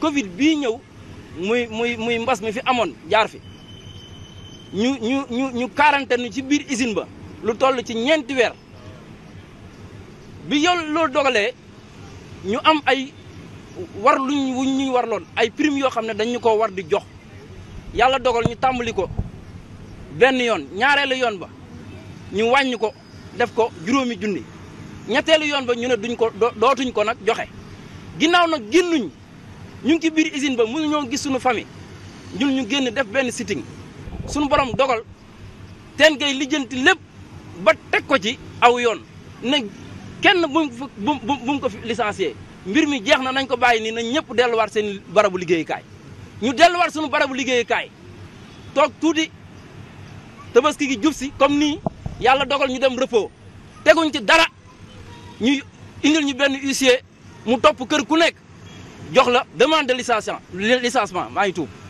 Covid bii ñëw muy muy muy mbas mi fi amoon jaar fi ñu ñu ñu ñu quarantaine ci biir usine ba lu toll ci ñeenti weer bi yow loolu dogalee ñu am ay war ñu wuñ ñuy warloon ay prime yoo xam ne dañ ñu ko war di jox yàlla dogal ñu tàmbali ko benn yoon ñaareelu yoon ba ñu wàññi ko def ko juróomi junni ñetteelu yoon ba ñu ne duñ ko dootuñ ko nag joxe ginnaaw nag génnuñ ñu ngi ci biir usine ba mënu ñoo gis sunu famille ñun ñu génn def benn sitting suñu borom dogal ten gay lijjanti lépp ba teg ko ci aw yoon na kenn bu bu mu ko licencié mbir mi jeex na nañ ko bàyyi nii na ñëpp delluwaat seen barabu liggéeyukaay ñu delluwaat suñu barabu liggéeyukaay toog tuuti tabaski gi jub si comme nii yàlla dogal ñu dem repos teguñ ci dara ñu indil ñu benn huissier mu topp kër ku nekk jox la demande de licenciement licenciement maa ngi tuub